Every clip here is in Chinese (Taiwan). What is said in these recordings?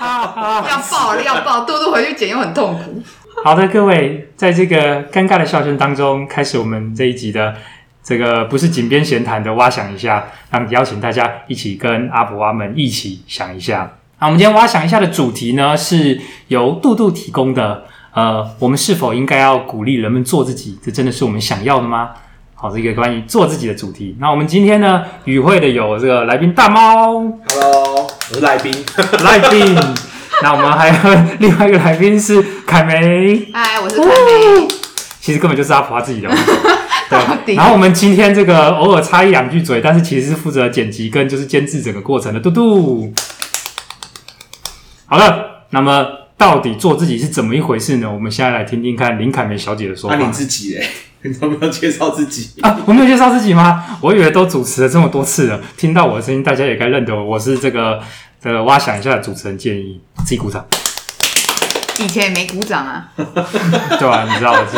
啊、要爆了，要爆！肚肚回去剪又很痛苦。好的，各位，在這個尷尬的笑聲當中，開始我們這一集的這個不是井邊閒談的蛙想一下，讓邀請大家一起跟阿普蛙們一起想一下。那我們今天蛙想一下的主題呢，是由度度提供的。呃，我們是否應該要鼓勵人們做自己？這真的是我們想要的嗎？好，這個關於做自己的主題。那我們今天呢，與會的有這個來賓大貓，Hello。我是來賓，來賓。那我們還有另外一個來賓是凱梅，嗨，我是凱梅。其實根本就是阿婆她自己哦 。對。然後我們今天這個偶爾插一兩句嘴，但是其實是負責剪輯跟就是監制整個過程的嘟嘟。好的，那麼到底做自己是怎麼一回事呢？我們現在來聽聽看林凱梅小姐的說法。那、啊、你自己嘞？我都沒有介紹自己啊？我沒有介紹自己嗎？我以為都主持了這麼多次了，聽到我的聲音，大家也該認得我。我是這個這個蛙想一下的主持人建議，自己鼓掌。以前也沒鼓掌啊。 對啊，你知道我就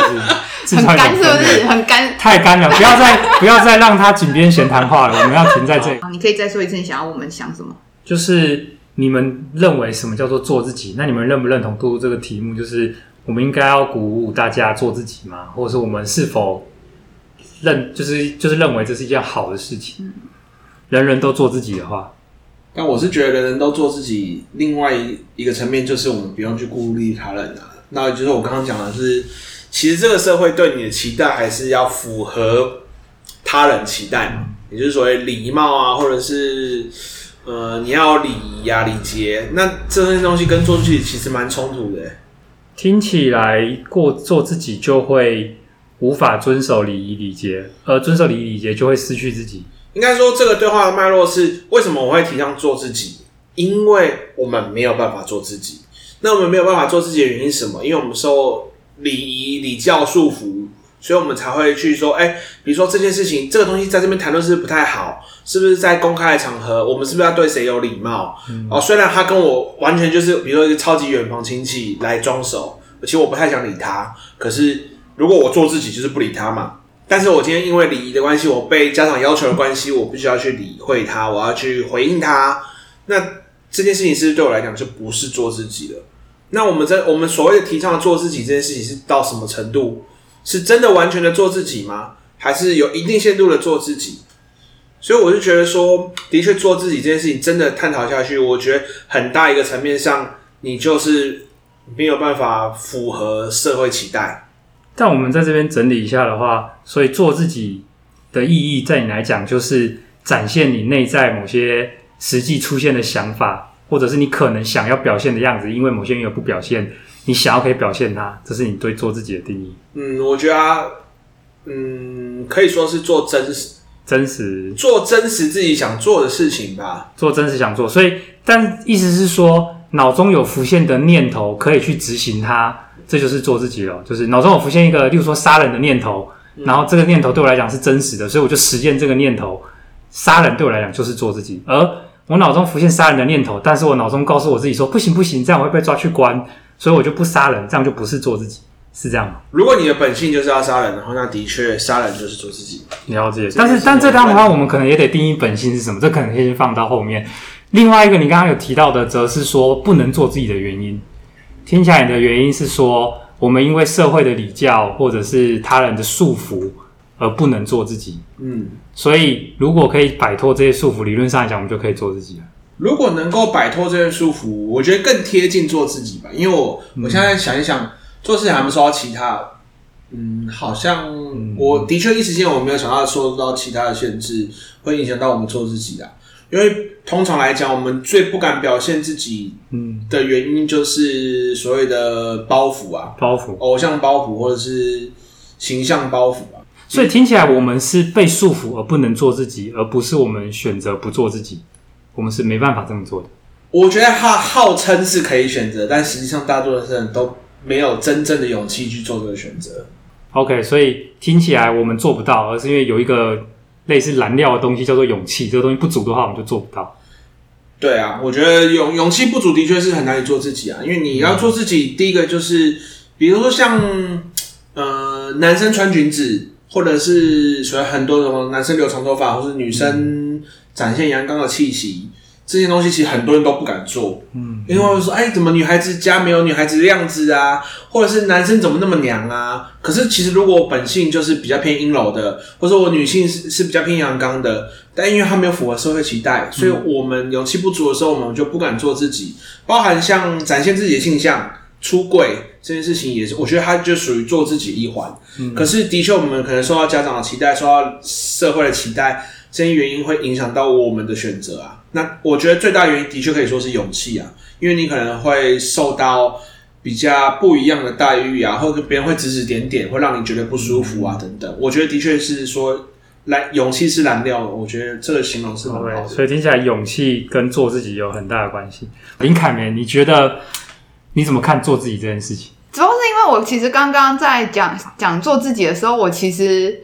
是 很乾，是不是？很乾，太乾了。不要再不要再讓他井邊閒談話了。 我們要停在這裡。好，你可以再說一次，你想要我們想什麼？就是你們認為什麼叫做做自己？那你們認不認同杜杜這個題目？就是。我們應該要鼓舞大家做自己嗎？或者是我們是否認就是就是認為這是一件好的事情？人人都做自己的話，但我是覺得人人都做自己，另外一一個層面就是我們不用去顧慮他人了啊。那就是我剛剛講的是，其實這個社會對你的期待還是要符合他人期待嘛，也就是所謂禮貌啊，或者是呃，你要禮儀啊禮節，那這些東西跟做自己其實蠻衝突的欸。聽起來過做自己就會無法遵守禮儀禮節，而、呃、遵守禮儀禮節就會失去自己。應該說，這個對話的脈絡是：為什麼我會提倡做自己？因為我們沒有辦法做自己。那我們沒有辦法做自己的原因是什麼？因為我們受禮儀禮教束縛。所以我們才會去說，誒、欸，比如說這件事情，這個東西在這邊談論是不是不太好，是不是在公開的場合？我們是不是要對誰有禮貌、嗯？哦，雖然他跟我完全就是，比如說一個超級遠房親戚來裝熟，而且我不太想理他。可是如果我做自己，就是不理他嘛。但是我今天因為禮儀的關係，我被家長要求的關係，我必須要去理會他，我要去回應他。那這件事情是不是對我來講，就不是做自己了？那我們在我們所謂的提倡的做自己這件事情，是到什麼程度？是真的完全的做自己嗎？還是有一定限度的做自己？所以我就覺得說，的確做自己這件事情真的探討下去，我覺得很大一個層面上，你就是沒有辦法符合社會期待。但我們在這邊整理一下的話，所以做自己的意義，在你來講，就是展現你內在某些實際出現的想法，或者是你可能想要表現的樣子，因為某些人有不表現。你想要可以表現它，這是你對做自己的定義。嗯，我覺得，啊，嗯，可以說是做真實，真實，做真實自己想做的事情吧。做真實想做，所以，但意思是說，腦中有浮現的念頭可以去執行它，這就是做自己了。就是腦中有浮現一個，例如說殺人的念頭，然後這個念頭對我來講是真實的，所以我就實踐這個念頭，殺人對我來講就是做自己。而我腦中浮現殺人的念頭，但是我腦中告訴我自己說，不行不行，這樣我會被抓去關。所以我就不殺人，這樣就不是做自己，是這樣嗎？如果你的本性就是要殺人的話，那的確殺人就是做自己，了解。但是，但是，但這樣的話，我們可能也得定義本性是什麼，這可能可以先放到後面。另外一個你剛剛有提到的，則是說不能做自己的原因，聽起來你的原因是說我們因為社會的禮教或者是他人的束縛而不能做自己。嗯，所以如果可以擺脫這些束縛，理論上來講，我們就可以做自己了。如果能夠擺脫這些束縛，我覺得更貼近做自己吧。因為我我現在想一想，嗯、做事情還沒受到其他，嗯，好像、嗯、我的確一時間我沒有想到受到其他的限制，會影響到我們做自己啊。因為通常來講，我們最不敢表現自己的原因，就是所謂的包袱啊，包袱，偶像包袱或者是形象包袱啊。所以聽起來，我們是被束縛而不能做自己，而不是我們選擇不做自己。我們是沒辦法這麼做的。我覺得他號、號稱是可以選擇，但實際上大多數人都沒有真正的勇氣去做這個選擇。OK，所以聽起來我們做不到，而是因為有一個類似燃料的東西叫做勇氣，這個東西不足的話，我們就做不到。對啊，我覺得勇勇氣不足的確是很難以做自己啊，嗯，因為你要做自己，第一個就是比如說像呃男生穿裙子，或者是所以很多種男生留長頭髮，或是女生。嗯展現陽剛的氣息，這些東西其實很多人都不敢做，嗯，因為我說，哎、欸，怎麼女孩子家沒有女孩子的樣子啊？或者是男生怎麼那麼娘啊？可是其實如果我本性就是比較偏陰柔的，或者我女性是是比較偏陽剛的，但因為她沒有符合社會期待，所以我們勇氣不足的時候，我們就不敢做自己。包含像展現自己的性向、出櫃這件事情，也是我覺得他就屬於做自己一環、嗯。可是的確，我們可能受到家長的期待，受到社會的期待。這些原因會影響到我們的選擇啊。那我覺得最大的原因的確可以說是勇氣啊，因為你可能會受到比較不一樣的待遇啊，或者別人會指指點點，會讓你覺得不舒服啊、嗯、等等。我覺得的確是說，來，勇氣是燃料，我覺得這個形容是很好、哦。所以聽起來，勇氣跟做自己有很大的關係。林凱梅，你覺得你怎麼看做自己這件事情？主要是因為我其實剛剛在講講做自己的時候，我其實。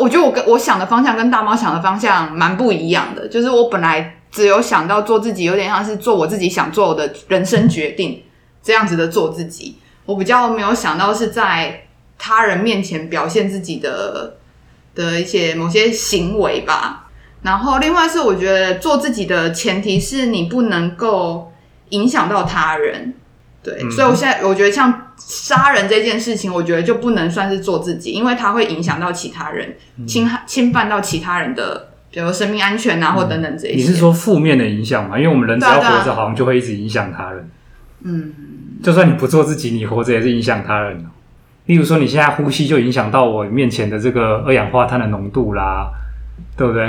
我覺得我跟我想的方向跟大貓想的方向蠻不一樣的，就是我本來只有想到做自己，有點像是做我自己想做的人生決定這樣子的做自己。我比較沒有想到是在他人面前表現自己的的一些某些行為吧。然後另外是我覺得做自己的前提是你不能夠影響到他人。對、嗯，所以我現在我覺得像殺人這件事情，我覺得就不能算是做自己，因為它會影響到其他人，侵害、侵犯到其他人的，嗯、比如說生命安全啊，或、嗯、等等這些。你是說負面的影響嗎？因為我們人只要活着、啊啊，好像就會一直影響他人。嗯，就算你不做自己，你活着也是影響他人。例如說，你現在呼吸就影響到我面前的這個二氧化碳的濃度啦，對不對？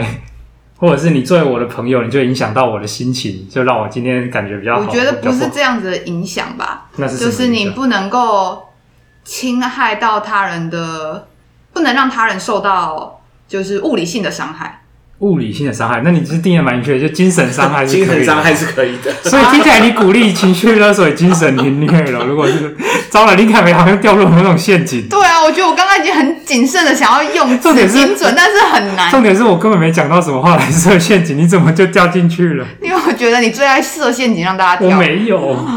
或者是你作為我的朋友，你就影響到我的心情，就讓我今天感覺比較好。我覺得不是這樣子的影響吧。那是什麼？就是你不能夠侵害到他人的，不能讓他人受到就是物理性的傷害。物理性的傷害，那你其實定義的蠻明確，就精神傷害是可以的。 精神傷害是可以的。所以聽起來你鼓勵情緒勒索，所以精神凌虐了。 如果是，糟了，林凱梅好像掉入了那種陷阱。對啊，我覺得我剛剛已經很謹慎的想要用，精準，但是很難。重點是我根本沒講到什麼話來設陷阱，你怎麼就掉進去了？因為我覺得你最愛設陷阱讓大家跳。我沒有，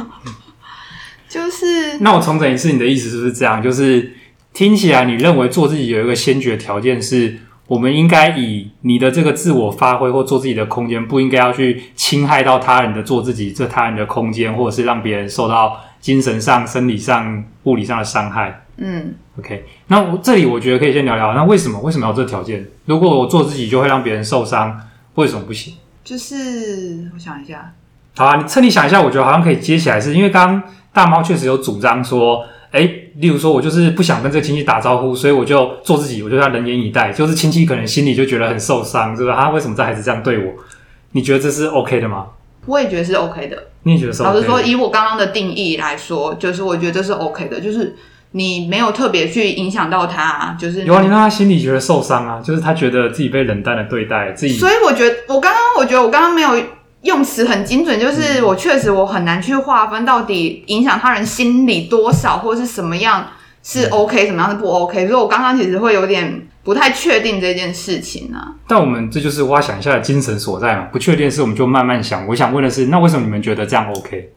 就是。那我重整一次，你的意思是不是這樣？就是聽起來你認為做自己有一個先決條件是。我們應該以你的這個自我發揮或做自己的空間，不應該要去侵害到他人的做自己，這他人的空間，或者是讓別人受到精神上、生理上、物理上的傷害。嗯，OK。那我這裡我覺得可以先聊聊，那為什麼為什麼要這條件？如果我做自己就會讓別人受傷，為什麼不行？就是我想一下，好啊，你趁你想一下，我覺得好像可以接起來是，是因為剛剛大貓確實有主張說，哎、欸。例如說，我就是不想跟這個親戚打招呼，所以我就做自己，我就要冷眼以待。就是親戚可能心裡就覺得很受傷，是吧？他為什麼這孩子這樣對我？你覺得這是 OK 的嗎？我也覺得是 OK 的。你也覺得是 OK 的。老實說，以我剛剛的定義來說，就是我覺得這是 OK 的，就是你沒有特別去影響到他啊，就是有啊，你讓他心裡覺得受傷啊，就是他覺得自己被冷淡的對待自己。所以我覺得，我剛剛我覺得我剛剛沒有。用詞很精準，就是我確實我很難去劃分、嗯、到底影響他人心理多少，或是什麼樣是 OK、嗯、什麼樣是不 OK。所以，我剛剛其實會有點不太確定這件事情啊。但我們這就是蛙想一下的精神所在嘛，不確定是我們就慢慢想。我想問的是，那為什麼你們覺得這樣 OK？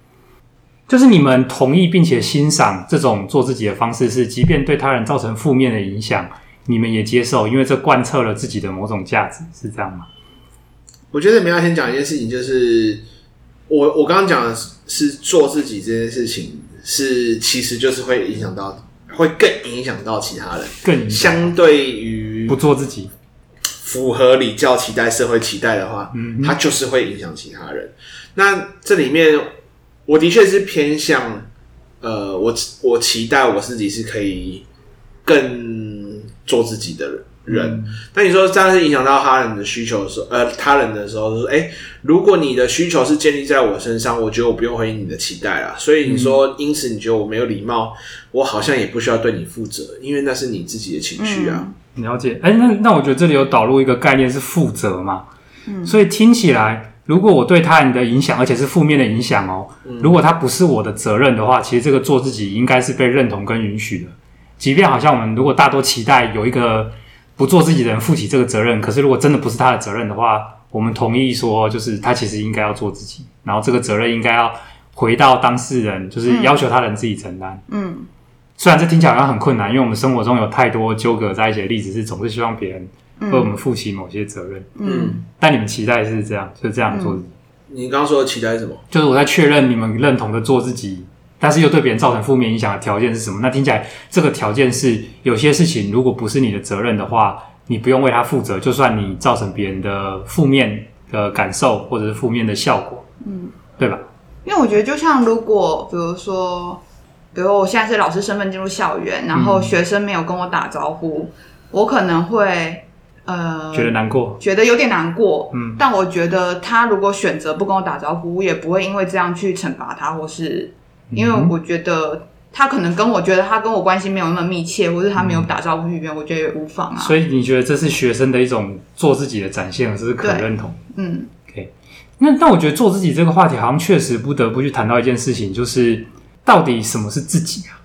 就是你們同意並且欣賞這種做自己的方式是，是即便對他人造成負面的影響，你們也接受，因為這貫徹了自己的某種價值，是這樣嗎？我覺得我們要先講一件事情，就是我我剛剛講的是做自己這件事情，是其實就是會影響到，會更影響到其他人。更影響，相對於不做自己，符合禮教期待、社會期待的話，嗯，嗯，他就是會影響其他人。那這裡面我的確是偏向，呃，我我期待我自己是可以更做自己的人，嗯，那你說這樣是影響到他人的需求的時候，呃，他人的時候說，說、欸，如果你的需求是建立在我身上，我覺得我不用回應你的期待啦。所以你說、嗯，因此你覺得我沒有禮貌，我好像也不需要對你負責，因為那是你自己的情緒啊、嗯。了解。哎、欸，那那我覺得這裡有導入一個概念是負責嘛、嗯，所以聽起來，如果我對他人的影響，而且是負面的影響哦、嗯，如果他不是我的責任的話，其實這個做自己應該是被認同跟允許的。即便好像我們如果大多期待有一個不做自己的人負起這個責任，可是如果真的不是他的責任的話，我們同意說，就是他其實應該要做自己，然後這個責任應該要回到當事人，就是要求他人自己承擔。嗯，嗯，雖然這聽起來好像很困難，因為我們生活中有太多糾葛在一起的例子，是總是希望別人為我們負起某些責任。嗯，嗯，但你們期待是這樣，是這樣做自己，嗯。你剛剛說的期待是什麼？就是我在確認你們認同的做自己。但是又對別人造成負面影響的條件是什麼？那聽起來這個條件是有些事情，如果不是你的責任的話，你不用為他負責。就算你造成別人的負面的感受或者是負面的效果，嗯，對吧？因為我覺得，就像如果比如說，比如我現在是老師身份進入校園，然後學生沒有跟我打招呼，嗯，我可能會呃覺得難過，覺得有點難過。嗯，但我覺得他如果選擇不跟我打招呼，我也不會因為這樣去懲罰他，或是。因為我覺得他可能跟我覺得他跟我關係沒有那麼密切，嗯、或是他沒有打招呼預約、嗯，我覺得也無妨啊。所以你覺得這是學生的一種做自己的展現，這是可認同、哦。嗯，OK 那，那那我覺得做自己這個話題好像確實不得不去談到一件事情，就是到底什麼是自己啊？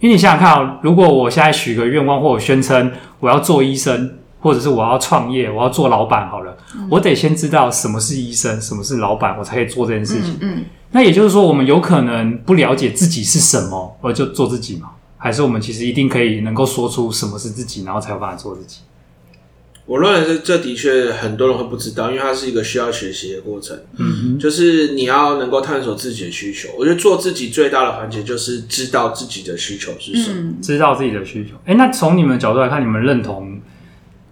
因為你想想看啊、哦，如果我現在許個願望，或者我宣稱我要做醫生，或者是我要創業，我要做老闆，好了、嗯，我得先知道什麼是醫生，什麼是老闆，我才可以做這件事情。嗯。嗯。那也就是說，我們有可能不了解自己是什麼，而就做自己嘛。還是我們其實一定可以能夠說出什麼是自己，然後才有辦法做自己？我認為是這的確很多人會不知道，因為它是一個需要學習的過程。嗯哼，就是你要能夠探索自己的需求。我覺得做自己最大的環節就是知道自己的需求是什麼，嗯、知道自己的需求。哎、欸，那從你們的角度來看，你們認同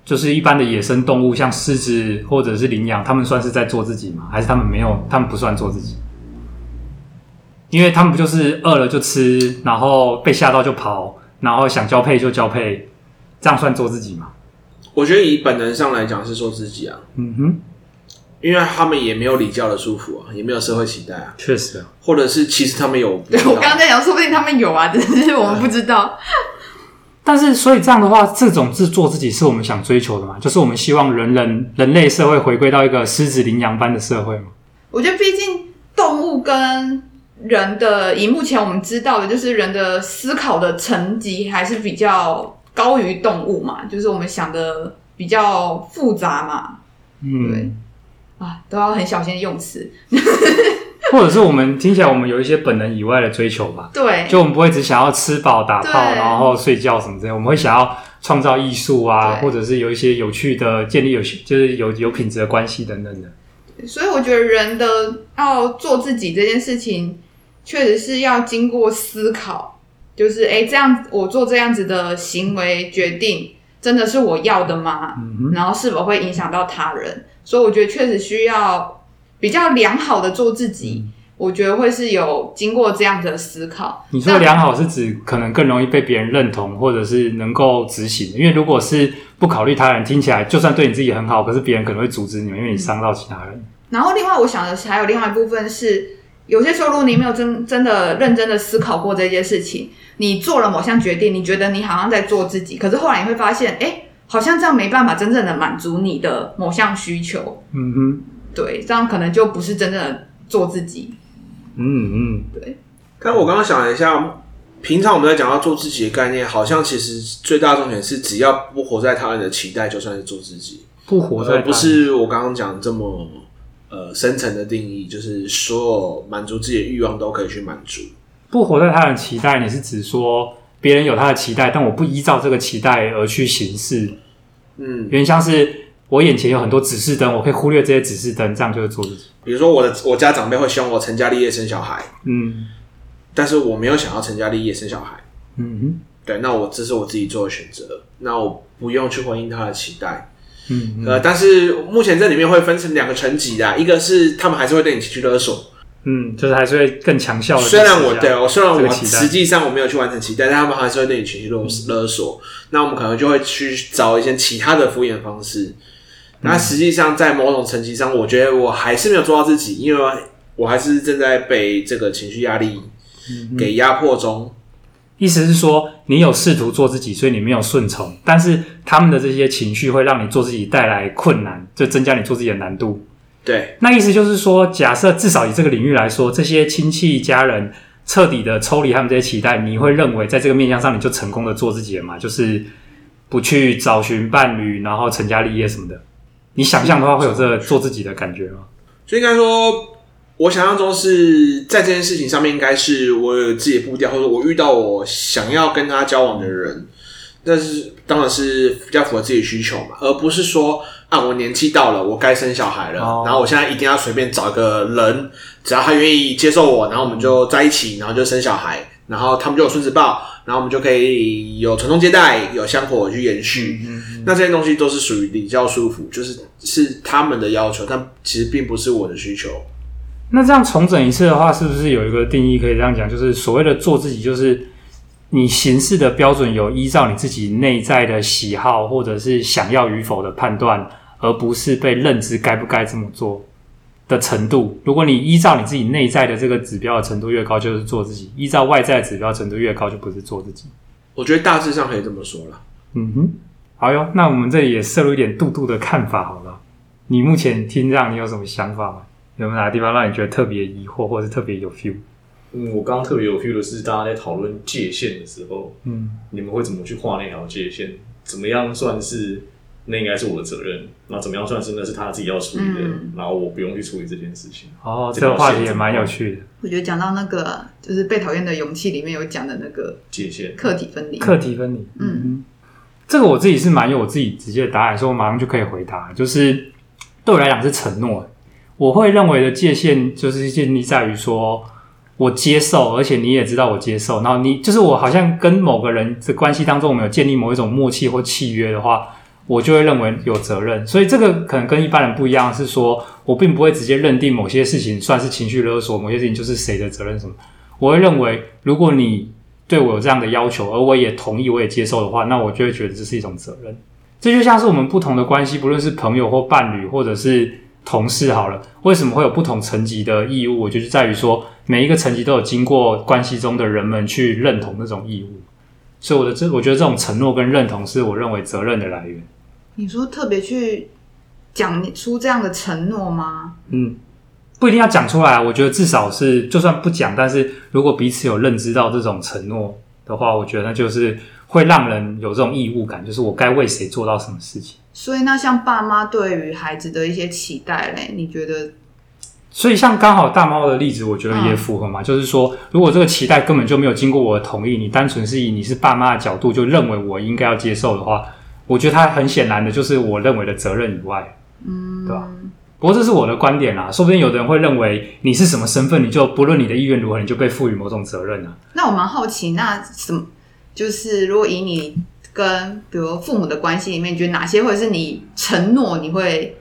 就是一般的野生動物，像獅子或者是羚羊，他們算是在做自己嗎？還是他們沒有，他們不算做自己？因為他們不就是餓了就吃，然後被嚇到就跑，然後想交配就交配，這樣算做自己嗎？我覺得以本能上來講是做自己啊。嗯哼，因為他們也沒有禮教的束縛啊，也沒有社會期待啊。確實啊，或者是其實他們有對。我剛剛在講，說不定他們有啊，只是我們不知道。但是，所以這樣的話，這種自做自己是我們想追求的嘛？就是我們希望人人人類社會回歸到一個獅子羚羊般的社會嘛？我覺得，畢竟動物跟。人的以目前我們知道的，就是人的思考的層級還是比較高於動物嘛，就是我們想的比較複雜嘛。嗯，對啊，都要很小心用詞。 或者是我們聽起來，我們有一些本能以外的追求吧。對，就我們不會只想要吃飽、打炮，然後睡覺什麼這樣，我們會想要創造藝術啊，或者是有一些有趣的、建立有就是有有品質的關係等等的。所以我覺得人的要做自己這件事情，確實是要經過思考，就是誒，這樣我做這樣子的行為決定，真的是我要的嗎？嗯？然後是否會影響到他人？所以我覺得確實需要比較良好的做自己，嗯、我覺得會是有經過這樣子的思考。你說良好是指可能更容易被別人認同，或者是能夠執行？因為如果是不考慮他人，聽起來就算對你自己很好，可是別人可能會阻止你，因為你傷到其他人。嗯、然後另外我想的是，還有另外一部分是。有些時候，如果你沒有真真的認真的思考過這件事情，你做了某項決定，你覺得你好像在做自己，可是後來你會發現，哎、欸，好像這樣沒辦法真正的滿足你的某項需求。嗯哼，對，這樣可能就不是真正的做自己。嗯嗯，對。但我剛剛想了一下，平常我們在講到做自己的概念，好像其實最大重點是，只要不活在他人的期待，就算是做自己。不活在，不是我剛剛講的這麼。呃，深層的定義就是所有滿足自己的慾望都可以去滿足。不活在他的期待，你是指說別人有他的期待，但我不依照這個期待而去行事。嗯，原像是我眼前有很多指示燈，我可以忽略這些指示燈，這樣就會做自己。嗯。比如說，我的我家長輩會希望我成家立業、生小孩。嗯，但是我沒有想要成家立業、生小孩。嗯，對，那我這是我自己做的選擇，那我不用去回應他的期待。嗯，嗯呃，但是目前這裡面會分成兩個層級的，一個是他們還是會對你情緒勒索，嗯，就是還是會更強效的。雖然我對我、哦，雖然我實際上我沒有去完成其、這個、期待，但但他們還是會對你情緒勒索、嗯、勒索。那我們可能就會去找一些其他的敷衍方式。嗯、那實際上在某種層級上，我覺得我還是沒有做到自己，因為我還是正在被這個情緒壓力給壓迫中。嗯嗯、意思是說。你有試圖做自己，所以你沒有順從。但是他們的這些情緒會讓你做自己帶來困難，就增加你做自己的難度。對，那意思就是說，假設至少以這個領域來說，這些親戚家人徹底的抽離他們這些期待，你會認為在這個面向上你就成功的做自己了嗎？就是不去找尋伴侶，然後成家立業什麼的。你想象的話，會有這做自己的感覺嗎？所以應該說。我想象中是在這件事情上面，應該是我有自己的步調，或者我遇到我想要跟他交往的人，但是當然是比較符合自己需求嘛，而不是說啊，我年紀到了，我該生小孩了，Oh. 然後我現在一定要隨便找一個人，只要他願意接受我，然後我們就在一起，然後就生小孩，然後他們就有孫子抱，然後我們就可以有傳宗接代，有香火去延續。Mm-hmm. 那這些東西都是屬於比較舒服，就是是他們的要求，但其實並不是我的需求。那這樣重整一次的話，是不是有一個定義可以這樣講？就是所謂的做自己，就是你行事的標準有依照你自己內在的喜好或者是想要與否的判斷，而不是被認知該不該這麼做的程度。如果你依照你自己內在的這個指標的程度越高，就是做自己；依照外在指標程度越高，就不是做自己。我覺得大致上可以這麼說了。嗯哼，好喲。那我們這裡也攝入一點杜杜的看法，好了。你目前聽這樣，你有什麼想法嗎？有沒有哪個地方讓你覺得特別疑惑，或是特別有 feel？嗯，我剛剛特別有 feel 的是，大家在討論界限的時候，嗯，你們會怎麼去畫那條界限？怎麼樣算是那應該是我的責任？那怎麼樣算是那是他自己要處理的、嗯？然後我不用去處理這件事情。哦，這，這個話題也蠻有趣的。我覺得講到那個、啊、就是被討厭的勇氣裡面有講的那個界限、課題分離、課題分離。嗯，這個我自己是蠻有我自己直接的答案，所以我馬上就可以回答，就是對我來講是承諾。我會認為的界限就是建立在於說，我接受，而且你也知道我接受。然後你就是我，好像跟某個人的關係當中，我們有建立某一種默契或契約的話，我就會認為有責任。所以這個可能跟一般人不一樣，是說我並不會直接認定某些事情算是情緒勒索，某些事情就是誰的責任什麼。我會認為，如果你對我有這樣的要求，而我也同意，我也接受的話，那我就會覺得這是一種責任。這就像是我們不同的關係，不論是朋友或伴侶，或者是，同事好了，為什麼會有不同層級的義務？我就是在於說，每一個層級都有經過關係中的人們去認同這種義務，所以我的這我覺得這種承諾跟認同是我認為責任的來源。你說特別去講出這樣的承諾嗎？嗯，不一定要講出來。我覺得至少是，就算不講，但是如果彼此有認知到這種承諾的話，我覺得那就是。會讓人有這種義務感，就是我該為誰做到什麼事情？所以，那像爸媽對於孩子的一些期待嘞，你覺得？所以，像剛好大貓的例子，我覺得也符合嘛、嗯。就是說，如果這個期待根本就沒有經過我的同意，你單純是以你是爸媽的角度就認為我應該要接受的話，我覺得它很顯然的就是我認為的責任以外，嗯，對吧？不過這是我的觀點啦、啊，說不定有的人會認為你是什麼身份，你就不論你的意願如何，你就被賦予某種責任呢、啊。那我蠻好奇，那什麼？就是，如果以你跟比如父母的關係裡面，你覺得哪些會是你承諾你會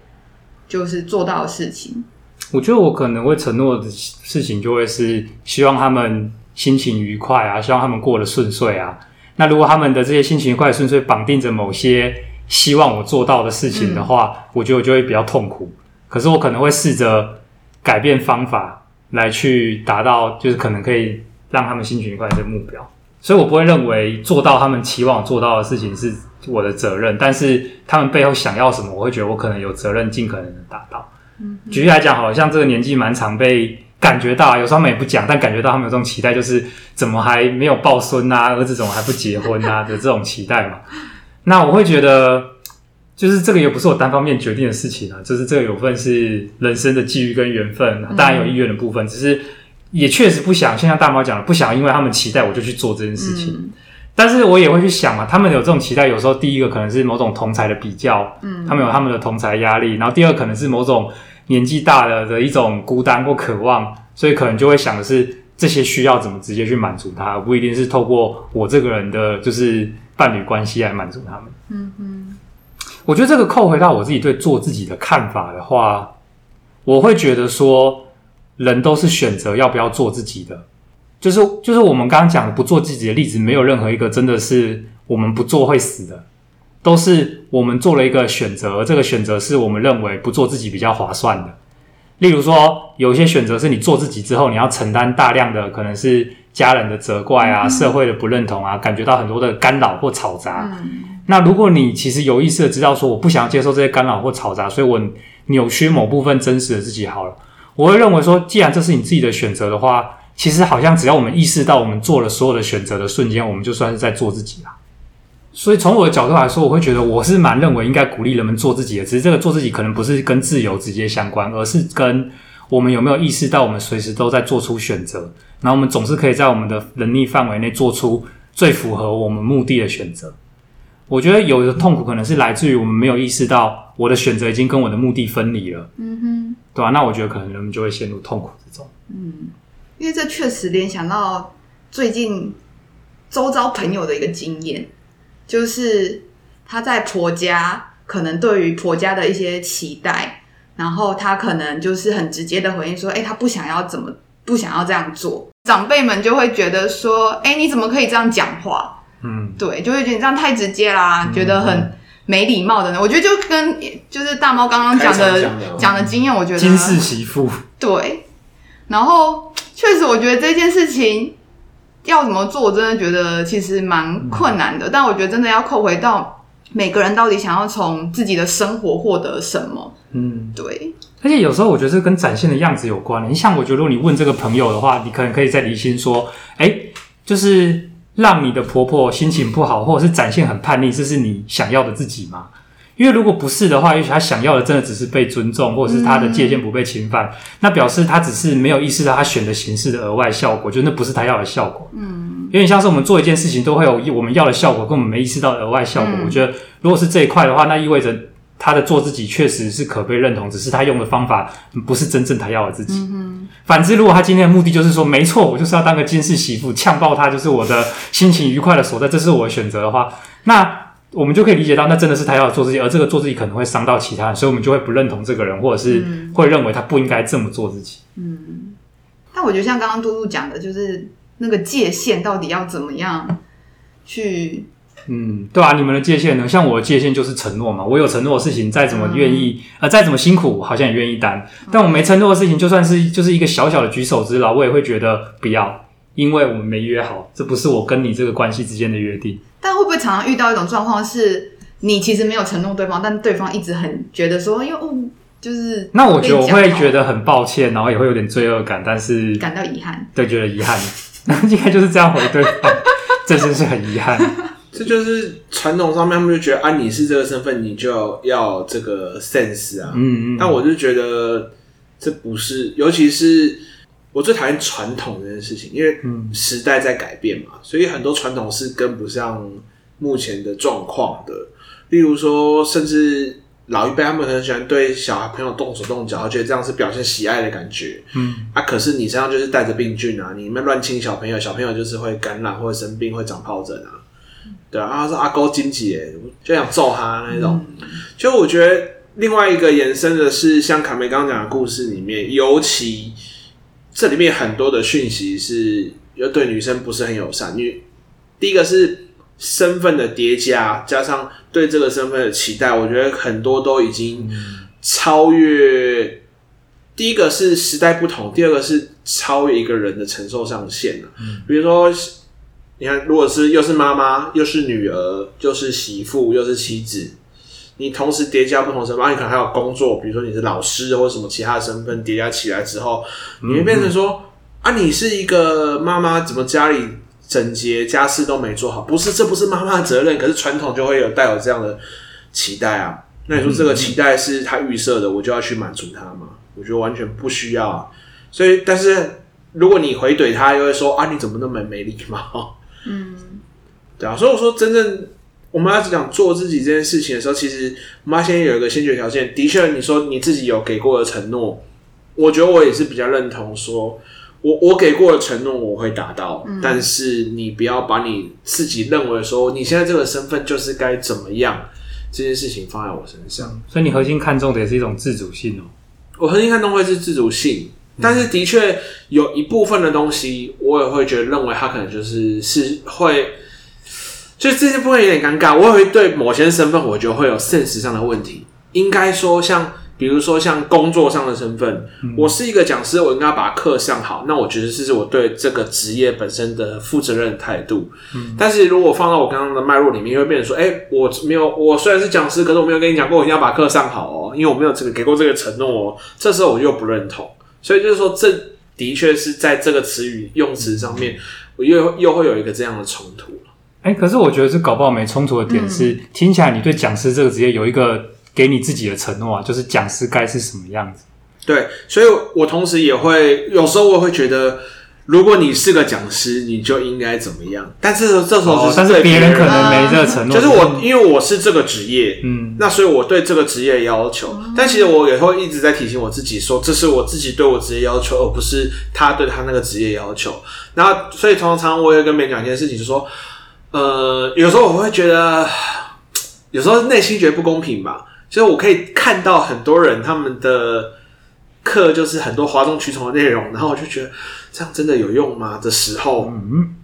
就是做到的事情？我覺得我可能會承諾的事情，就會是希望他們心情愉快啊，希望他們過得順遂啊。那如果他們的這些心情愉快、順遂綁定着某些希望我做到的事情的話、嗯，我覺得我就會比較痛苦。可是我可能會試着改變方法來去達到，就是可能可以讓他們心情愉快的目標。所以我不會認為做到他們期望做到的事情是我的責任，但是他們背後想要什麼，我會覺得我可能有責任盡可能能達到。嗯，舉例來講，好像這個年紀蠻常被感覺到，有時候他們也不講，但感覺到他們有這種期待，就是怎麼還沒有抱孫啊，兒子怎麼還不結婚啊的這種期待嘛。 那我會覺得，就是這個也不是我單方面決定的事情啊，就是這個有份是人生的際遇跟緣分，當然有意願的部分，只是。也確實不想，像大貓講的，不想因為他們期待我就去做這件事情。嗯、但是，我也會去想啊，他們有這種期待，有時候第一個可能是某種同儕的比較，嗯，他們有他們的同儕壓力，然後第二個可能是某種年紀大了的一種孤單或渴望，所以可能就會想的是這些需要怎麼直接去滿足他，而不一定是透過我這個人的就是伴侶關係來滿足他們。嗯嗯，我覺得這個扣回到我自己對做自己的看法的話，我會覺得說。人都是選擇要不要做自己的，就是就是我們剛剛講的不做自己的例子，沒有任何一個真的是我們不做會死的，都是我們做了一個選擇，而這個選擇是我們認為不做自己比較划算的。例如說，有一些選擇是你做自己之後，你要承擔大量的可能是家人的責怪啊、嗯，社會的不認同啊，感覺到很多的干擾或吵雜、嗯。那如果你其實有意識的知道說，我不想要接受這些干擾或吵雜，所以我扭曲某部分真實的自己好了。我會認為說，既然這是你自己的選擇的話，其實好像只要我們意識到我們做了所有的選擇的瞬間，我們就算是在做自己啦。所以從我的角度來說，我會覺得我是蠻認為應該鼓勵人們做自己的。只是這個做自己可能不是跟自由直接相關，而是跟我們有沒有意識到我們隨時都在做出選擇，然後我們總是可以在我們的能力範圍內做出最符合我們目的的選擇。我覺得有的痛苦可能是來自於我們沒有意識到我的選擇已經跟我的目的分離了。嗯哼。對啊，那我覺得可能人們就會陷入痛苦之中。嗯，因為這確實聯想到最近周遭朋友的一個經驗，就是他在婆家可能對於婆家的一些期待，然後他可能就是很直接的回應說：“哎、欸，他不想要，怎麼不想要這樣做？”長輩們就會覺得說：“哎、欸，你怎麼可以這樣講話？”嗯，對，就會覺得你這樣太直接啦、啊嗯，覺得很。沒禮貌的呢，我覺得就跟就是大貓剛剛講的講的經驗，我覺得驚世媳婦對，然後確實我覺得這件事情要怎麼做，我真的覺得其實蠻困難的，嗯，但我覺得真的要扣回到每個人到底想要從自己的生活獲得什麼，嗯，對，而且有時候我覺得是跟展現的樣子有關，你像我覺得如果你問這個朋友的話，你可能可以再釐清說，哎、欸，就是。讓你的婆婆心情不好，或者是展現很叛逆，這是你想要的自己嗎？因為如果不是的話，也許她想要的真的只是被尊重，或者是她的界限不被侵犯。嗯、那表示她只是沒有意識到她選的形式的額外效果，就是、那不是她要的效果。嗯，有點像是我們做一件事情都會有我們要的效果，跟我們沒意識到額外效果、嗯。我覺得如果是這一塊的話，那意味着。他的做自己確實是可被認同，只是他用的方法不是真正他要的自己。嗯。反之，如果他今天的目的就是說，沒錯，我就是要當個金氏媳婦，嗆爆他就是我的心情愉快的所在，這是我的選擇的話，那我們就可以理解到，那真的是他要做自己，而這個做自己可能會傷到其他人，所以我們就會不認同這個人，或者是會認為他不應該這麼做自己。嗯，嗯，但我覺得像剛剛嘟嘟講的，就是那個界限到底要怎麼樣去。嗯，對啊，你們的界限呢？像我的界限就是承諾嘛。我有承諾的事情，再怎麼願意、嗯，呃，再怎麼辛苦，好像也願意擔。但我沒承諾的事情，就算是就是一個小小的舉手之勞，我也會覺得不要，因為我們沒約好，這不是我跟你這個關係之間的約定。但會不會常常遇到一種狀況是，是你其實沒有承諾對方，但對方一直很覺得說，因為我就是……那我覺得我會覺得很抱歉，然後也會有點罪惡感，但是感到遺憾，對，覺得遺憾。那 後 應該就是這樣回對方，這真 是很遺憾。這就是傳統上面，他們就覺得啊，你是這個身份，你就要這個 sense 啊。嗯嗯。但我就覺得這不是，尤其是我最討厭傳統的這件事情，因為時代在改變嘛，所以很多傳統是跟不上目前的狀況的。例如說，甚至老一輩他們很喜歡對小孩朋友動手動腳，覺得這樣是表現喜愛的感覺。嗯。啊，可是你身上就是帶着病菌啊，你們亂親小朋友，小朋友就是會感染或者生病，會長皰疹啊。對啊，他是阿高金姐，就想揍他那種。嗯、其實我覺得另外一個延伸的是，像卡梅剛剛講的故事裡面，尤其這裡面很多的訊息是要對女生不是很友善。因為第一個是身份的疊加，加上對這個身份的期待，我覺得很多都已經超越、嗯。第一個是時代不同，第二個是超越一個人的承受上限了。嗯、比如說。你看，如果是又是媽媽，又是女兒，又是媳婦，又是妻子，你同時疊加不同的身份，啊，你可能還有工作，比如說你是老師或者什麼其他的身份疊加起來之後，你會變成說，嗯嗯，啊，你是一個媽媽，怎麼家裡整潔，家事都沒做好？不是，這不是媽媽的責任，可是傳統就會有帶有這樣的期待啊。那你說這個期待是他預設的，我就要去滿足他嗎？我覺得完全不需要啊。所以，但是如果你回懟他，又會說啊，你怎麼那麼沒禮貌？對啊，所以我說，真正我們要講做自己這件事情的時候，其實嘛先有一個先決條件。的確，你說你自己有給過的承諾，我覺得我也是比較認同說。說我我給過的承諾我會達到、嗯，但是你不要把你自己認為說你現在這個身份就是該怎麼樣這件事情放在我身上。所以你核心看重的也是一種自主性哦。我核心看重會是自主性，但是的確有一部分的東西，嗯、我也會覺得認為他可能就是是會。所以這些部分有點尷尬，我也會對某些身份我覺得會有現實上的問題。應該說像，像比如說像工作上的身份、嗯，我是一個講師，我應該把課上好。那我覺得這是我對這個職業本身的負責任態度、嗯。但是如果放到我剛剛的脈絡裡面，又會變成說：“哎、欸，我沒有，我雖然是講師，可是我沒有跟你講過，我一定要把課上好哦，因為我沒有這個給過這個承諾哦。”這時候我又不認同。所以就是說這，這的確是在這個詞語用詞上面，嗯、我又又會有一個這樣的衝突。哎、欸，可是我覺得這搞不好沒衝突的點是、嗯，聽起來你對講師這個職業有一個給你自己的承諾啊，就是講師該是什麼樣子。對，所以我同時也會有時候我也會覺得，如果你是個講師，你就應該怎麼樣。但是這時候只是對別人，哦、但是別人可能沒這個承諾，就是我因為我是這個職業，嗯，那所以我對這個職業要求、嗯。但其實我也會一直在提醒我自己說，這是我自己對我職業要求，而不是他對他那個職業要求。然後，所以通常，常我也跟別人講一件事情，就是說。呃，有時候我會覺得，有時候內心覺得不公平吧。就是我可以看到很多人他們的課，就是很多譁眾取寵的內容，然後我就覺得這樣真的有用嗎？的時候，嗯、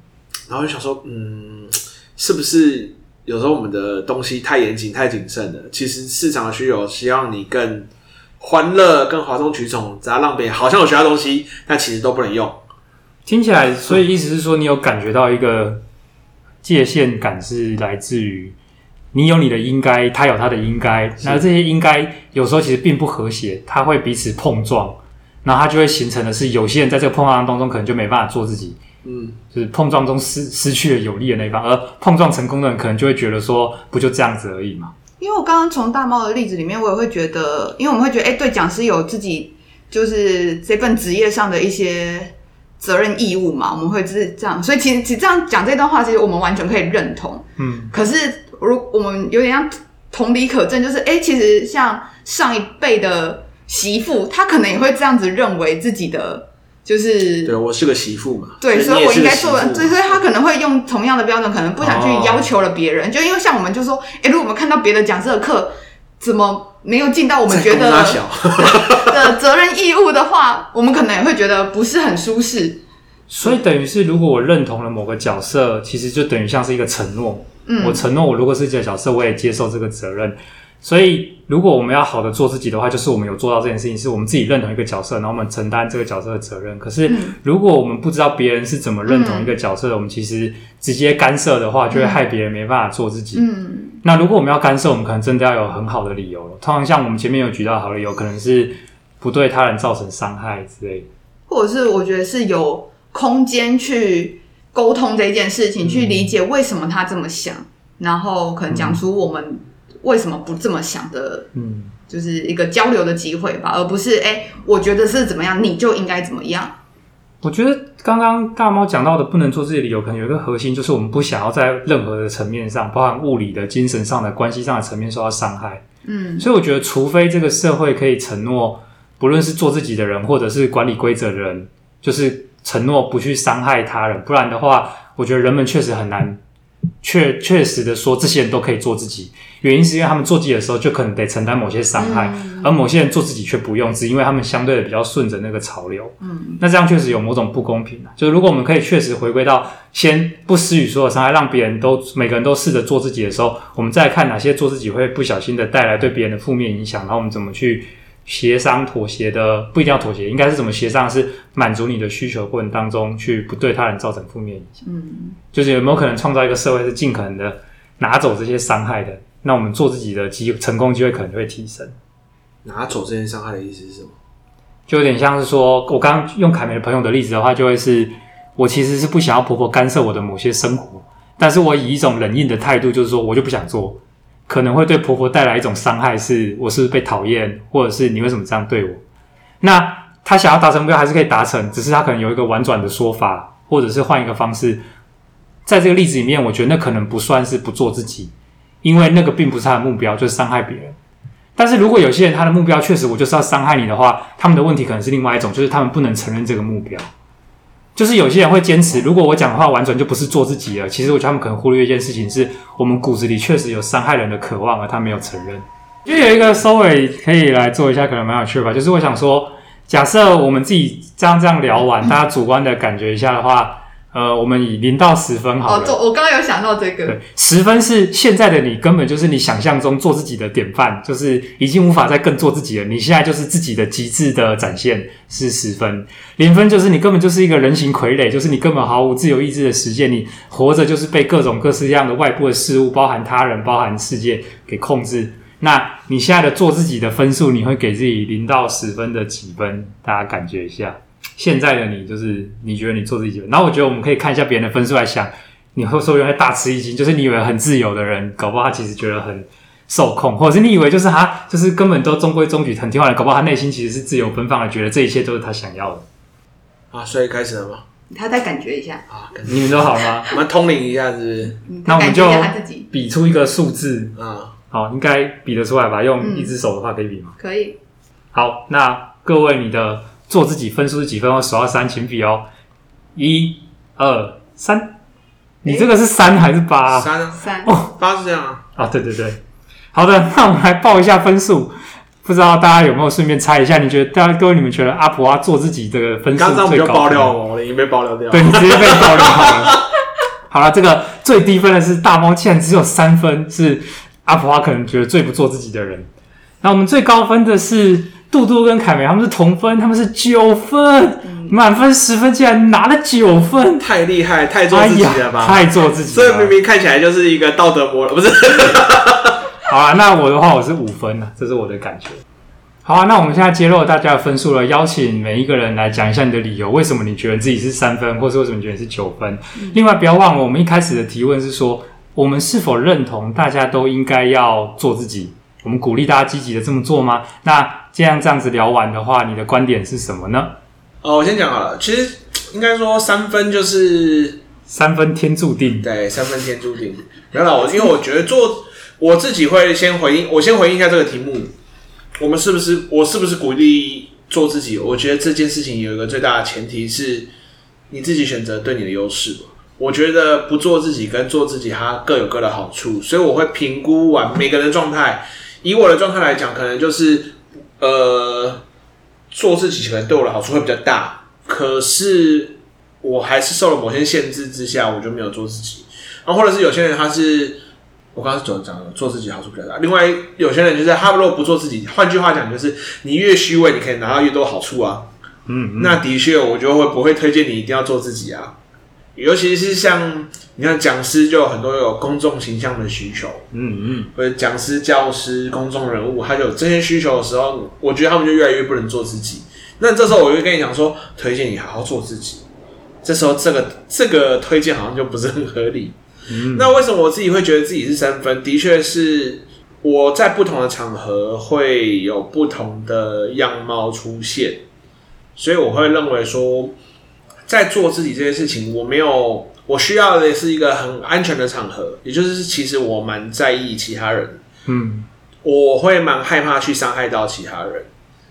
然後就想說，嗯，是不是有時候我們的東西太嚴謹、太謹慎了？其實市場的需求是希望你更歡樂、更譁眾取寵，只要讓別人好像有學到東西，但其實都不能用。聽起來，所以意思是說，你有感覺到一個。界限感是來自於你有你的應該，他有他的應該，那這些應該有時候其實並不和諧，他會彼此碰撞，然後他就會形成的是，有些人在這個碰撞當中可能就沒辦法做自己，嗯，就是碰撞中失失去了有利的那一方，而碰撞成功的人可能就會覺得說，不就這樣子而已嘛。因為我剛剛從大貓的例子裡面，我也會覺得，因為我們會覺得，哎、欸，對講師有自己就是這份職業上的一些。責任義務嘛，我們會就是這樣，所以其實其實這樣講這段話，其實我們完全可以認同。嗯，可是如我，我們有點像同理可證，就是哎、欸，其實像上一輩的媳婦，她可能也會這樣子認為自己的就是對，我是個媳婦嘛對，對，所以，我應該做對，所以她可能會用同樣的標準，可能不想去要求了別人、哦，就因為像我們就說，哎、欸，如果我們看到別的講這個課。怎麼沒有盡到我們覺得的責任義務的話，我們可能也會覺得不是很舒適。所以等於是，如果我認同了某個角色，其實就等於像是一個承諾。嗯，我承諾，我如果是這個角色，我也接受這個責任。所以，如果我們要好的做自己的話，就是我們有做到這件事情，是我們自己認同一個角色，然後我們承擔這個角色的責任。可是，如果我們不知道別人是怎麼認同一個角色的，嗯，我們其實直接干涉的話，就會害別人沒辦法做自己嗯。嗯，那如果我們要干涉，我們可能真的要有很好的理由了。通常，像我們前面有舉到，好的理由，可能是不對他人造成傷害之類，或者是我覺得是有空間去溝通這件事情，嗯，去理解為什麼他這麼想，然後可能講出我們，嗯。為什麼不這麼想的？嗯，就是一個交流的機會吧，而不是哎、欸，我覺得是怎麼樣，你就應該怎麼樣。我覺得剛剛大貓講到的不能做自己的理由，可能有一個核心，就是我們不想要在任何的層面上，包含物理的、精神上的、關係上的層面受到傷害。嗯，所以我覺得，除非這個社會可以承諾，不論是做自己的人，或者是管理規則的人，就是承諾不去傷害他人，不然的話，我覺得人們確實很難確確實的說，這些人都可以做自己。原因是因為他們做自己的時候，就可能得承擔某些傷害，嗯，而某些人做自己卻不用，只因為他們相對的比較順着那個潮流。嗯，那這樣確實有某種不公平，就是如果我們可以確實回歸到先不施予所有的傷害，讓別人都每個人都試着做自己的時候，我們再看哪些做自己會不小心的帶來對別人的負面影響，然後我們怎麼去協商妥協的，不一定要妥協，應該是怎麼協商是滿足你的需求的過程當中去不對他人造成負面影響。嗯，就是有沒有可能創造一個社會是盡可能的拿走這些傷害的？那我們做自己的機成功機會可能就會提升。拿走這些傷害的意思是什麼？就有點像是說，我剛剛用凱美的朋友的例子的話，就會是我其實是不想要婆婆干涉我的某些生活，但是我以一種冷硬的態度，就是說我就不想做，可能會對婆婆帶來一種傷害，是我是不是被討厭，或者是你為什麼這樣對我？那她想要達成目標還是可以達成，只是她可能有一個婉轉的說法，或者是換一個方式。在這個例子裡面，我覺得那可能不算是不做自己。因為那個並不是他的目標，就是傷害別人。但是如果有些人他的目標確實我就是要傷害你的話，他們的問題可能是另外一種，就是他們不能承認這個目標。就是有些人會堅持，如果我講的話完全就不是做自己了。其實我覺得他們可能忽略一件事情，是我們骨子裡確實有傷害人的渴望，而他沒有承認。就、嗯、有一個收尾可以來做一下，可能蠻有趣吧。就是我想說，假設我們自己這樣這樣聊完，大家主觀的感覺一下的話。呃，我們以零到十分好了。哦，我剛剛有想到這個。對，十分是現在的你，根本就是你想象中做自己的典範，就是已經無法再更做自己了。你現在就是自己的極致的展現，是十分。零分就是你根本就是一個人形傀儡，就是你根本毫無自由意志的實踐，你活着就是被各種各式各樣的外部的事物，包含他人、包含世界，給控制。那你現在的做自己的分數，你會給自己零到十分的幾分？大家感覺一下。現在的你就是你覺得你做自己，然後我覺得我們可以看一下別人的分數來想，你會說不定會大吃一驚，就是你以為很自由的人，搞不好他其實覺得很受控，或者是你以為就是他就是根本都中規中矩很聽話的，搞不好他內心其實是自由奔放的，覺得這一切都是他想要的。啊，所以開始了嗎？他再感覺一下啊，你們都好了嗎？我 們通靈一下子，那我們就比出一個數字啊，好，應該比得出來吧？用一隻手的話可以比嗎、嗯？可以。好，那各位你的。做自己分數是幾分？我數到三，請比哦，一、二、三，你這個是三還是八？欸、三，三哦，八是這樣啊。啊，對對對，好的，那我們來報一下分數。不知道大家有沒有順便猜一下？你覺得大家各位你們覺得阿普蛙、啊、做自己這個分數最高？剛剛被爆料已經被爆料掉，對，你直接被爆料掉了。 好了，這個最低分的是大貓，竟然只有三分，是阿普蛙可能覺得最不做自己的人。那我們最高分的是。杜杜跟凱美他們是同分，他們是九分，滿分十分，竟然拿了九分，太厲害，太做自己了吧，哎、太做自己了，所以明明看起來就是一個道德模了，不是？ 好啊，那我的話我是五分了，這是我的感覺。好啊，那我們現在揭露大家的分數了，邀請每一個人來講一下你的理由，為什麼你覺得自己是三分，或是為什麼你覺得你是九分？另外，不要忘了，我們一開始的提問是說，我們是否認同大家都應該要做自己？我們鼓勵大家積極地這麼做嗎？那既然這樣子聊完的話，你的觀點是什麼呢？哦，我先講好了。其實應該說三分就是三分天注定，對，三分天注定。沒有，我，因為我覺得做我自己會先回應，我先回應一下這個題目：我們是不是我是不是鼓勵做自己？我覺得這件事情有一個最大的前提是，你自己選擇對你的優勢吧。我覺得不做自己跟做自己，它各有各的好處，所以我會評估完每個人狀態。以我的狀態來講，可能就是，呃，做自己可能對我的好處會比較大，可是我還是受了某些限制之下，我就沒有做自己。然後，啊，或者是有些人他是，我剛剛是怎麼講的，做自己好處比較大。另外有些人就是他如果不做自己，換句話講就是你越虛偽，你可以拿到越多好處啊。嗯，嗯，那的確我就會不會推薦你一定要做自己啊。尤其是像你看講師，就有很多有公眾形象的需求，嗯嗯，或者講師、教師、公眾人物，他就有這些需求的時候，我覺得他們就越來越不能做自己。那這時候我就跟你講說，推薦你好好做自己。這時候，這個這個推薦好像就不是很合理。嗯。那為什麼我自己會覺得自己是三分？的確是我在不同的場合會有不同的樣貌出現，所以我會認為說，在做自己這件事情，我沒有，我需要的是一個很安全的場合，也就是其實我蠻在意其他人，嗯，我會蠻害怕去傷害到其他人，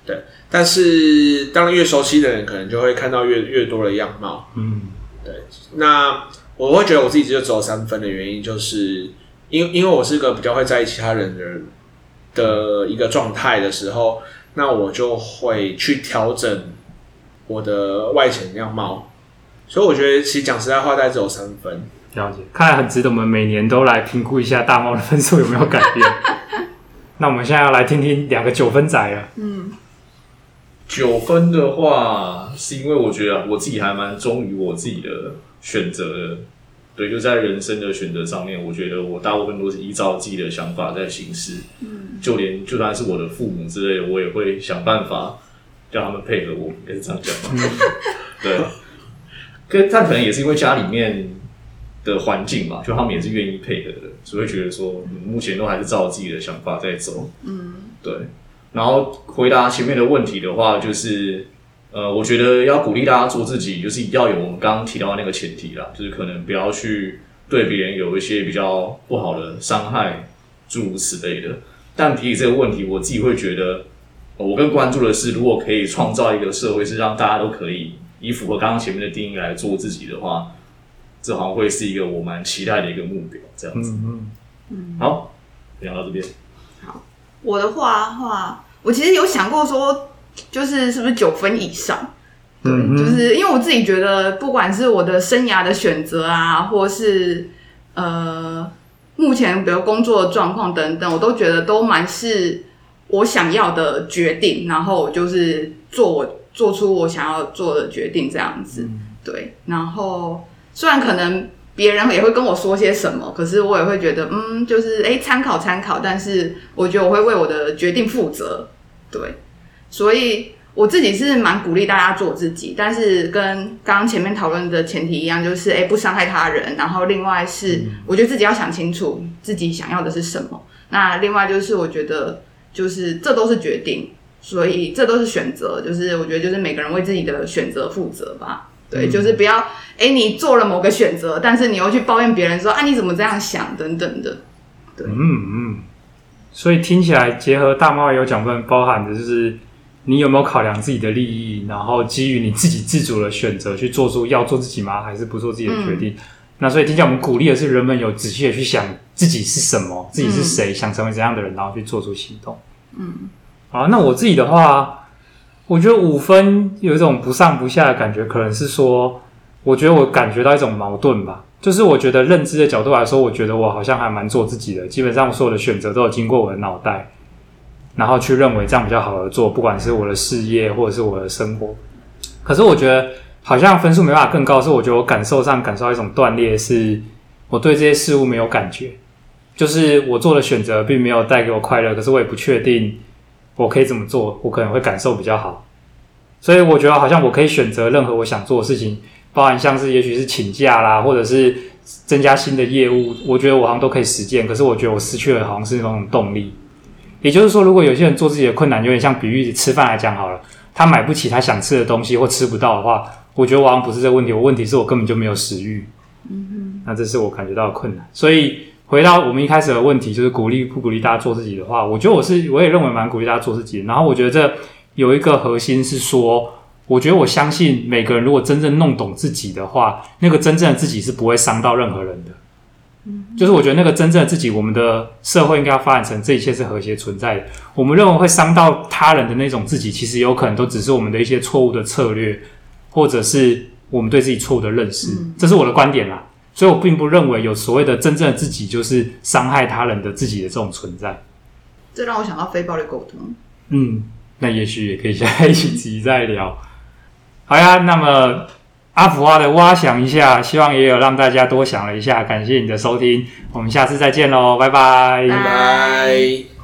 對。但是，當然越熟悉的人，可能就會看到越越多的樣貌，嗯，對。那我會覺得我自己只有走三分的原因，就是因為因為我是個比較會在意其他人的人的一個狀態的時候，那我就會去調整。我的外形樣貌，所以我覺得，其實講實在話，大概只有三分。看來很值得我們每年都來評估一下大貓的分數有沒有改變。 那我們現在要來聽聽兩個九分仔啊。嗯，九分的話，是因為我覺得我自己還蠻忠於我自己的選擇的。對，就在人生的選擇上面，我覺得我大部分都是依照自己的想法在行事。嗯，就連就算是我的父母之類的，我也會想辦法。叫他們配合我，也是這樣講嘛？ 對。可他可能也是因為家裡面的環境嘛，就他們也是願意配合的，嗯，所以覺得說，嗯、目前都還是照自己的想法在走。嗯，對。然後回答前面的問題的話，就是呃，我覺得要鼓勵大家做自己，就是要有我們剛剛提到的那個前提啦，就是可能不要去對別人有一些比較不好的傷害，諸如此類的。但提起這個問題，我自己會覺得。我更關注的是，如果可以創造一個社會，是讓大家都可以以符合剛剛前面的定義來做自己的話，這好像會是一個我蠻期待的一個目標。這樣子，嗯嗯，好，分享到這邊。好，我的話話，我其實有想過說，就是是不是九分以上？對、嗯、就是因為我自己覺得，不管是我的生涯的選擇啊，或是呃，目前比如工作的狀況等等，我都覺得都蠻是。我想要的決定，然後就是做我做出我想要做的決定，這樣子對。然後雖然可能別人也會跟我說些什麼，可是我也會覺得，嗯，就是誒，參考參考。但是我覺得我會為我的決定負責，對。所以我自己是蠻鼓勵大家做自己，但是跟剛剛前面討論的前提一樣，就是誒，不傷害他人。然後另外是，我覺得自己要想清楚自己想要的是什麼。那另外就是，我覺得。就是這都是決定，所以這都是選擇。就是我覺得，就是每個人為自己的選擇負責吧。對、嗯，就是不要，哎、欸，你做了某個選擇，但是你又去抱怨別人說啊，你怎麼這樣想等等的。對。嗯嗯。所以聽起來，結合大貿易有講過，包含的就是你有沒有考量，自己的利益，然後基於你自己自主的選擇去做出要做自己嗎，還是不做自己的決定？嗯、那所以今天我們鼓勵的是人們有仔細的去想，自己是什麼？自己是誰？嗯，想成為怎樣的人，然後去做出行動。嗯，好，那我自己的話，我覺得五分有一種不上不下的感覺，可能是說，我覺得我感覺到一種矛盾吧。就是我覺得認知的角度來說，我覺得我好像還蠻做自己的，基本上所有的選擇都有經過我的腦袋，然後去認為這樣比較好而做，不管是我的事業或者是我的生活。可是我覺得好像分數沒辦法更高，是我覺得我感受上感受到一種斷裂，是我對這些事物沒有感覺。就是我做的選擇並沒有帶給我快樂，可是我也不確定我可以怎麼做，我可能會感受比較好。所以我覺得好像我可以選擇任何我想做的事情，包含像是也許是請假啦，或者是增加新的業務，我覺得我好像都可以實踐。可是我覺得我失去了好像是那種動力。也就是說，如果有些人做自己的困難，有點像比喻吃飯來講好了，他買不起他想吃的東西或吃不到的話，我覺得我好像不是這個問題，我問題是我根本就沒有食欲。嗯，那這是我感覺到的困難，所以。回到我們一開始的問題，就是鼓勵不鼓勵大家做自己的話，我覺得我是我也認為蠻鼓勵大家做自己的。然後我覺得這有一個核心是說，我覺得我相信每個人如果真正弄懂自己的話，那個真正的自己是不會傷到任何人的。嗯，就是我覺得那個真正的自己，我們的社會應該要發展成這一切是和諧存在的。我們認為會傷到他人的那種自己，其實有可能都只是我們的一些錯誤的策略，或者是我們對自己錯誤的認識。嗯，這是我的觀點啦。所以，我並不認為有所謂的真正的自己，就是傷害他人的自己的這種存在。這讓我想到非暴力溝通。嗯，那也許也可以下一集再聊。嗯。好呀，那麼阿普蛙的蛙想一下，希望也有讓大家多想了一下。感謝你的收聽，我們下次再見嘍，拜拜，拜。Bye